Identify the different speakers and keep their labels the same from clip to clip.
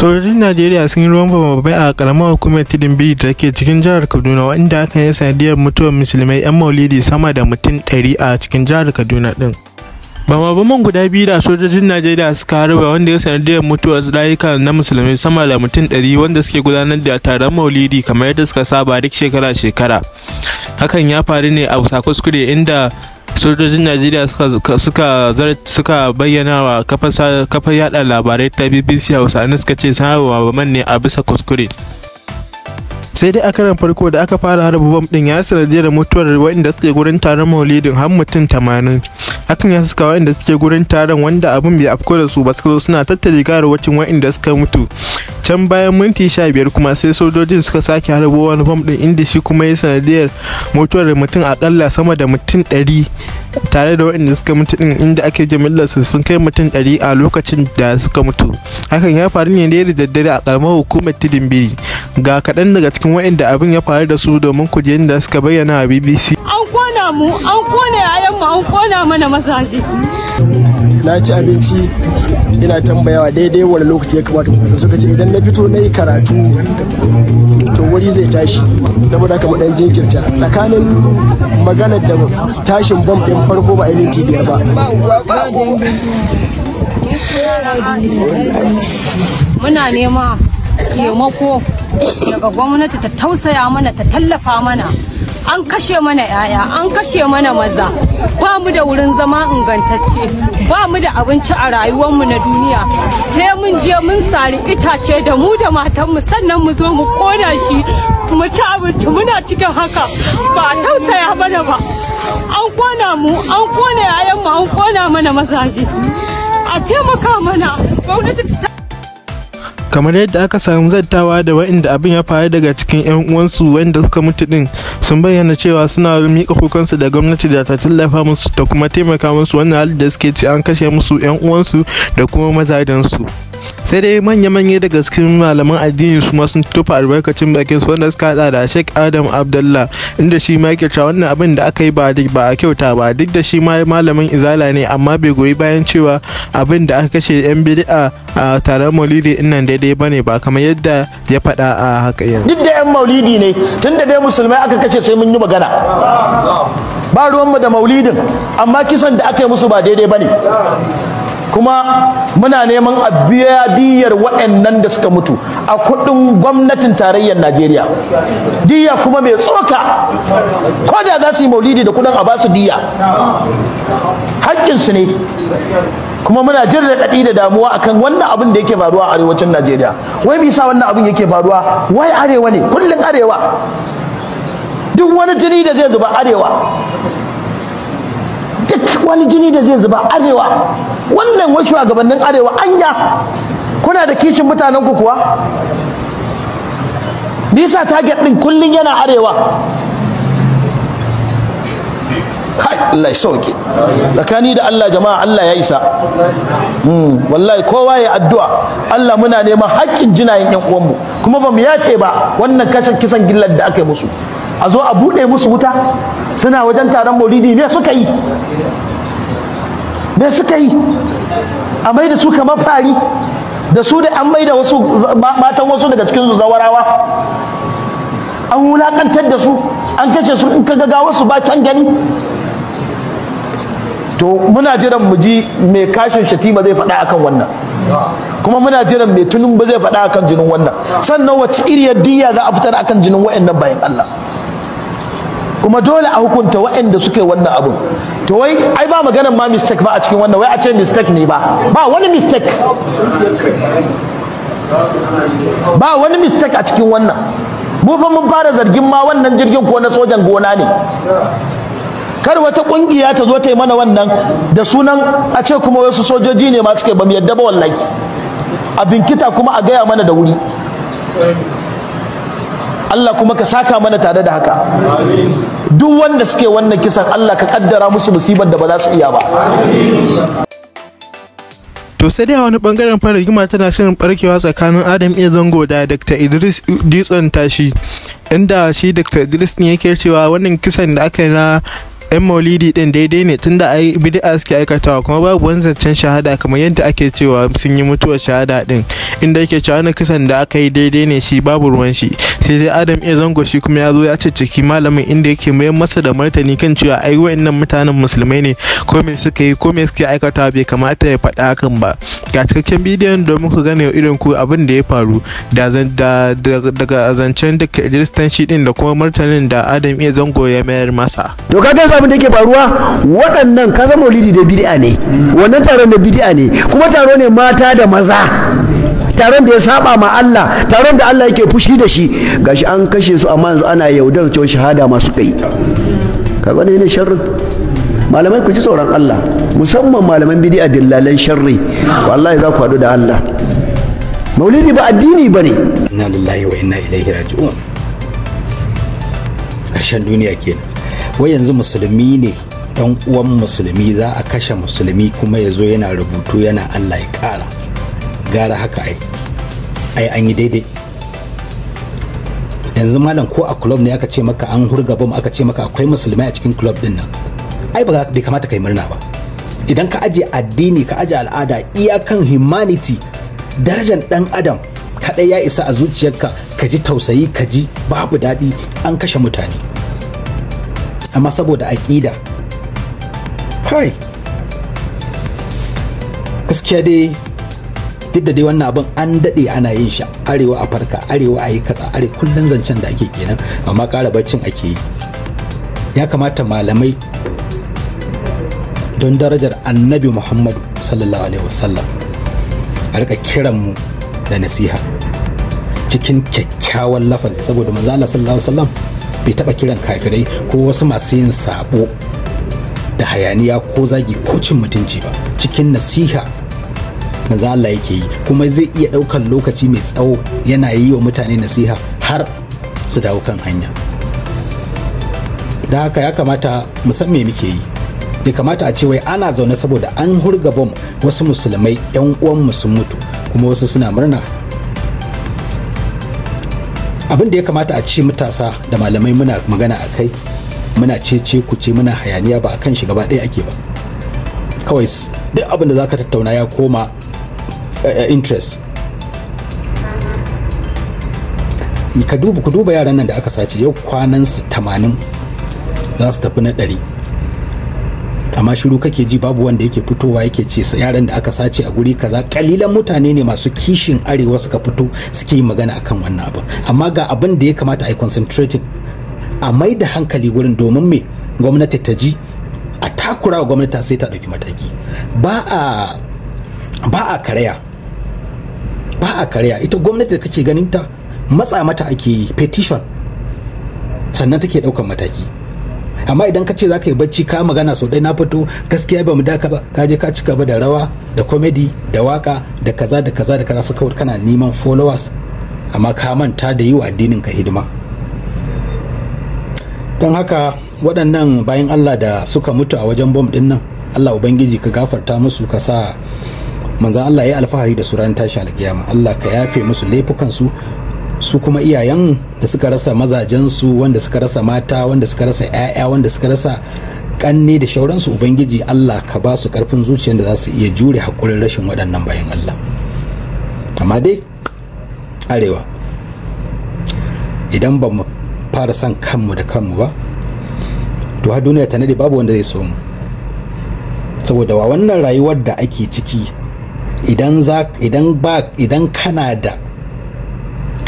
Speaker 1: sojojin najeriya sun yi ruwan bababai a karamar hukumar tidin biyu da ke cikin jihar kaduna wanda hakan ya sanadiyar mutuwar musulmai yan maulidi sama da mutum 100 a cikin jihar kaduna din bamabaman guda biyu da sojojin najeriya suka harba wanda ya sanadiyar mutuwar rayuka na musulmai sama da mutum 100 wanda suke gudanar da taron maulidi kamar yadda suka saba duk shekara-shekara hakan ya faru ne a kuskure inda sojojin najeriya suka bayyana wa kafar yada labarai ta bbc hausa suka ce sanarwa ba ne a bisa kuskure sai dai a karan farko da aka fara harba bom din ya sanadiyar mutuwar waɗanda suke gurin taron maulidin har mutum tamanin hakan ya suka waɗanda suke gurin taron wanda abin bai afko da su ba suka zo suna tattare garwacin waɗanda suka mutu can bayan minti sha biyar kuma sai sojojin suka sake harbo wani bom din inda shi kuma ya sanadiyar mutuwar mutum akalla sama da mutum ɗari tare da waɗanda suka mutu din inda ake su sun kai mutum ɗari a lokacin da suka mutu hakan ya faru ne da daddare a ƙaramar hukumar tudun biri ga kaɗan daga cikin waɗanda abin ya faru da su domin ku je da suka bayyana a bbc
Speaker 2: an kona mu an kona yayanmu an kona mana masaje na ci abinci ina tambayawa daidai wani lokaci ya kamata mu suka ce idan na fito na yi karatu to wuri zai tashi saboda haka dan jinkirta tsakanin maganar da tashin bam din farko ba ainihin tibiyar ba muna nema taimako daga gwamnati ta tausaya mana ta tallafa mana an kashe mana 'ya'ya an kashe mana maza ba mu da wurin zama ingantacce ba mu da abinci a rayuwar mu na duniya sai mun je mun sari itace da mu da matanmu sannan mu zo mu kona shi mu ci abinci muna cikin haka ba tausaya mana ba an kona mu an kona mu an kona mana mazaje a taimaka mana gwamnati ta
Speaker 1: kamar yadda aka samu zattawa da waɗanda abin ya faru daga cikin 'yan uwansu wanda suka mutu din sun bayyana cewa suna mika kukansu da gwamnati da ta tallafa musu ta kuma taimaka musu wannan halin da suke ci an kashe musu 'yan uwansu da kuma mazajensu. sai dai manya-manya daga cikin malaman addini su ma sun tofa albarkacin bakin su wanda suka hada da sheik Adam Abdullah inda shi ma yake cewa wannan abin da aka yi ba a kyauta ba duk da shi ma malamin izala ne amma bai goyi bayan cewa abin da aka kashe yan bid'a a taron maulidi nan daidai ba ne ba kamar yadda ya faɗa a haka yanzu
Speaker 2: duk da yan maulidi ne tun da dai musulmai aka kashe sai mun yi magana ba ruwanmu da maulidin amma kisan da aka yi musu ba daidai ba ne. kuma muna neman a biya diyar waɗannan da suka mutu a kuɗin gwamnatin tarayyar Najeriya diya kuma mai tsoka ko da za su yi maulidi da kuɗin a ba su diya haƙƙinsu ne kuma muna jin raɗaɗi da damuwa akan wannan abin da yake faruwa a arewacin Najeriya wai bisa wannan abin yake faruwa wai arewa ne kullum arewa duk wani jini da zai zuba arewa wani jini da zai zuba arewa wannan wasu shugabannin arewa anya kuna da kishin mutanen ku kuwa nisa target din kullun yana arewa kai Allah ya sauke tsakani da Allah jama'a Allah ya isa hmm, wallahi kowa ya addu'a Allah muna neman haƙƙin jinayen yan uwanmu kuma ba mu yace ba wannan kashin kisan gillar da aka yi musu a zo a buɗe musu wuta suna wajen taron maulidi ne suka yi me suka yi a mai da su kamar fari da su da an mai da wasu matan wasu daga cikin su zawarawa an wulakantar da su an kashe su in ka ga wasu ba can gani to muna jiran mu ji mai kashin shatima zai faɗa akan wannan kuma muna jiran mai tunun ba zai faɗa akan jinin wannan sannan wacce iriyar diyya za a fitar akan jinin wa'annan bayan Allah kuma dole a hukunta waɗanda suke wannan abun to wai ai ba maganan ma mistake ba a cikin wannan wai a ce mistake ne ba ba wani mistake ba wani mistake a cikin wannan mu fa mun fara zargin ma wannan jirgin ko na sojan gona ne kar wata kungiya ta zo ta yi mana wannan da sunan a ce kuma wasu sojoji ne ma suke ba mu yadda ba wallahi a binkita kuma a gaya mana da wuri Allah kuma ka saka mana tare da
Speaker 1: haka duk wanda suke wannan kisan Allah ka kaddara musu musibar da ba za su iya ba to sai dai a wani bangaren fara rigima tana shirin barkewa tsakanin Adam iya zango da Dr. Idris dutsen tashi inda shi Dr. Idris ne yake cewa wannan kisan da aka yi na 'yan maulidi din daidai ne tunda a bid'a suke aikatawa kuma babu wani zancen shahada kamar yadda ake cewa sun yi mutuwar shahada din inda yake cewa wani kisan da aka yi daidai ne shi babu ruwan shi sai dai adam iya zango shi kuma ya zo ya cicciki malamin inda yake mayar masa da martani kan cewa ai wa'annan mutanen musulmai ne ko me suka yi ko me suke aikatawa bai kamata ya faɗa hakan ba ga cikakken bidiyon domin ku gane irin ku abin da ya faru daga zancen duka kristanci din da kuma martanin da adam iya zango ya mayar masa
Speaker 2: abin da yake faruwa waɗannan kaga maulidi da bid'a ne wannan taron da bid'a ne kuma taro ne mata da maza taron da ya saba ma Allah taron da Allah yake fushi da shi gashi an kashe su amma yanzu ana yaudar cewa shahada masu kai kaga ne ne sharri malamai ku ji tsoron Allah musamman malaman bid'a dillalan sharri wallahi za ku hadu da Allah
Speaker 3: maulidi ba addini ba ne. inna lillahi wa inna ilaihi raji'un ƙarshen duniya kenan wai yanzu musulmi ne dan uwan musulmi za a kashe musulmi kuma yazo yana rubutu yana allah ya kara gara haka ai ai an yi daidai yanzu malam ko a club ne aka ce maka an hurga bom aka ce maka akwai musulmai a cikin club din nan ai ba bai kamata kai murna ba idan ka aje addini ka aje al'ada iyakan humanity darajar dan adam kadai ya isa a zuciyarka ka ji tausayi ka ji babu daɗi an kashe mutane amma saboda aƙida kai gaskiya dai duk da dai wannan abin an daɗe ana yin shi arewa a farka arewa a yi katsa are kullum zancen da ake kenan amma ƙara baccin ake yi ya kamata malamai don darajar annabi muhammadu sallallahu alaihi wasallam a rika kiranmu da nasiha cikin kyakkyawan lafazi saboda manzo Allah sallallahu alaihi wasallam bai taɓa kiran kafirai ko wasu masu yin sabo da hayaniya ko zagi ko cin mutunci ba cikin nasiha manzo Allah yake yi kuma zai iya ɗaukan lokaci mai tsawo yana yi wa mutane nasiha har su dawo kan hanya da haka ya kamata mu san me muke yi ya kamata a ce wai ana zaune saboda an hurga bom wasu musulmai yan uwan mu sun mutu kuma wasu suna murna abin da ya kamata a ce matasa da malamai muna magana a kai muna ce ce ku ce muna hayaniya ba a kan shi gaba ɗaya ake ba kawai duk abin da za ka tattauna ya koma eh, eh, interest ka duba ku duba yaran nan da aka sace yau kwanan su 80 za su tafi na ɗari. amma shiru kake ji babu wanda yake fitowa yake ce yaran da aka sace a guri kaza kalilan mutane ne masu kishin arewa suka fito suke yi magana akan wannan abu amma ga abin da ya kamata a yi concentrating a mai da hankali wurin domin me gwamnati ta ji a takura gwamnati sai ta ɗauki mataki ba a ba a karaya ba a karaya ita gwamnati da kake ganin ta matsa mata ake petition sannan take ɗaukan mataki amma idan ka ce za ka yi bacci ka magana sau ɗaya na fito gaskiya ba mu da ka je ka cika ba da rawa da comedy da waka da kaza da kaza da kaza su kawai kana neman followers amma ka manta da yi wa addinin ka hidima don haka waɗannan bayan allah da suka mutu a wajen bom ɗin nan allah ubangiji ka gafarta musu ka sa manzan Allah ya alfahari da su ran tashi alkiyama Allah ka yafe musu laifukan su. su kuma iyayen da suka rasa mazajensu wanda suka rasa mata wanda suka rasa 'ya'ya wanda suka rasa kanne da shauransu ubangiji allah ka ba su karfin zuciyar da za su iya jure haƙurin rashin waɗannan bayan allah amma dai arewa idan ba mu fara son kanmu da kanmu ba to har duniya ta nade babu wanda zai so mu saboda wa wannan rayuwar da ake ciki idan ba idan kana da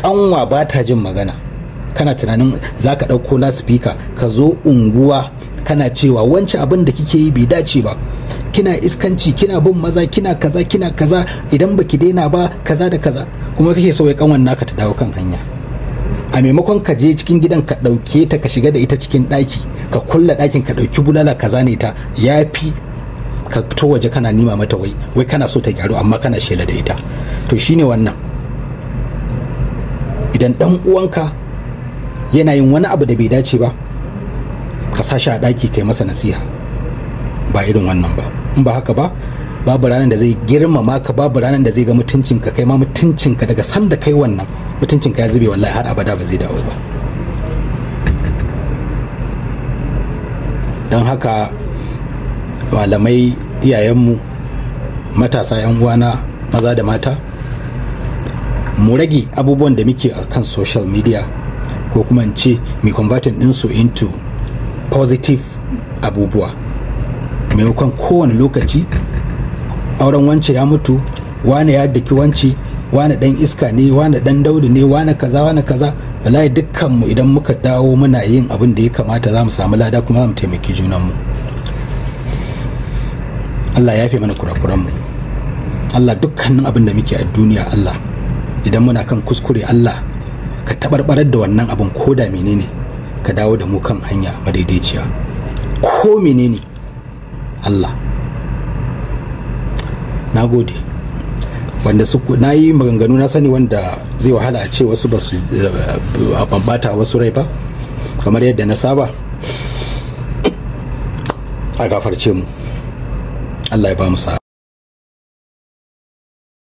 Speaker 3: kanwa ba ta jin magana kana tunanin za ka ɗauko laspika ka zo unguwa kana cewa wance abin da kike yi bai dace ba kina iskanci kina bin maza kina kaza kina kaza idan baki daina ba kaza da kaza kuma kake so kanwan naka ta dawo kan hanya a maimakon ka je cikin gidan ka ɗauke ta ka shiga da ita cikin ɗaki ka kulla ɗakin ka ɗauki bulala kaza ne ta ya fi ka fito waje kana nima mata wai wai kana so ta gyaru amma kana shela da ita to shine wannan idan dan uwanka yana yin wani abu da bai dace ba ka sa shi a ɗaki kai masa nasiha ba irin wannan ba in ba haka ba babu ranar da zai girmama ka babu ranar da zai ga mutuncinka kai ma mutuncinka daga sanda kai wannan mutuncinka ya zube wallahi har abada ba zai dawo ba don haka malamai iyayenmu matasa 'yan uwana maza da mata mu rage abubuwan da muke a kan social media ko kuma in ce mai din ɗinsu into positive abubuwa maimakon kowane lokaci auren wance ya mutu wane ya daki wance wane dan iska ne wane dan daudi ne wane kaza wane kaza wallahi dukkan mu idan muka dawo muna yin abin da ya kamata za mu samu lada kuma za mu taimaki junanmu Allah ya fi mana kurakuranmu Allah dukkanin abin da muke a duniya Allah idan muna kan kuskure Allah ka tabarbarar da wannan abin ko da menene ka dawo da mu kan hanya madaidaiciya ko menene Allah na gode wanda su na yi maganganu na sani wanda zai wahala a ce wasu ba su eh, bambata wasu rai ba kamar yadda na saba a gafarce mu
Speaker 2: Allah ya ba mu sa'a